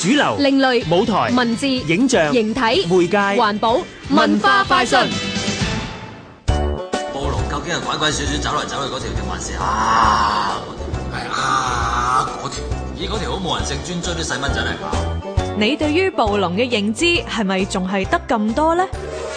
主流、另類舞台、文字、影像、形體、媒介、環保、文化快訊。暴龍究竟係鬼鬼祟祟走嚟走去嗰條定還是啊？係啊，嗰條，咦，嗰條好冇人性，專追啲細蚊仔嚟跑。你對於暴龍嘅認知係咪仲係得咁多咧？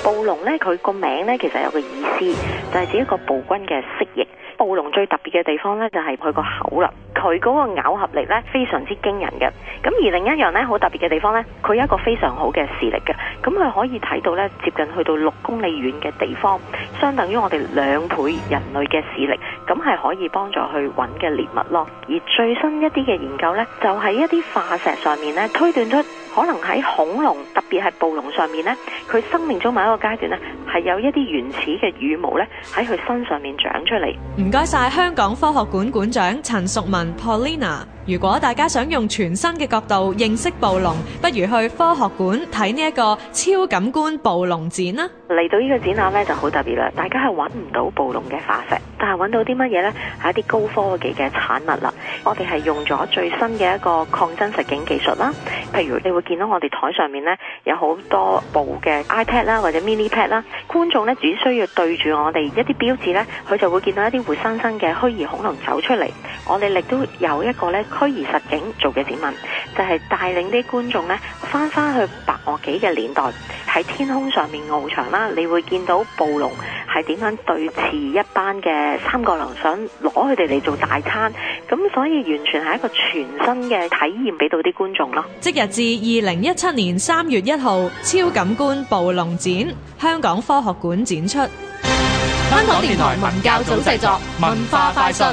暴龍咧，佢個名咧其實有個意思，就係指一個暴君嘅蜥蜴。暴龍最特別嘅地方呢，就係佢個口啦，佢嗰個咬合力呢，非常之驚人嘅。咁而另一樣呢，好特別嘅地方呢，佢有一個非常好嘅視力嘅，咁佢可以睇到呢，接近去到六公里遠嘅地方，相等於我哋兩倍人類嘅視力。咁係可以幫助去揾嘅獵物咯。而最新一啲嘅研究呢，就喺一啲化石上面呢，推斷出可能喺恐龍，特別係暴龍上面呢，佢生命中某一個階段呢，係有一啲原始嘅羽毛呢，喺佢身上面長出嚟。唔該晒，香港科學館館長陳淑文 Paulina。如果大家想用全新嘅角度認識暴龍，不如去科學館睇呢一個超感官暴龍展啦。嚟到呢個展覽咧就好特別啦，大家係揾唔到暴龍嘅化石，但係揾到啲乜嘢咧係一啲高科技嘅產物啦。我哋係用咗最新嘅一個擴增實境技術啦。譬如你會見到我哋台上面咧有好多部嘅 iPad 啦或者 Mini Pad 啦，觀眾咧只需要對住我哋一啲標誌咧，佢就會見到一啲活生生嘅虛擬恐龍走出嚟。我哋亦都有一個咧虛擬實境做嘅展覽，就係、是、帶領啲觀眾咧翻翻去白堊紀嘅年代，喺天空上面翱翔啦。你會見到暴龍係點樣對峙一班嘅三角龍，想攞佢哋嚟做大餐。咁所以完全係一個全新嘅體驗俾到啲觀眾咯。即日至二零一七年三月一號，超感官暴龍展，香港科學館展出。香港電台文教組製作文化快訊。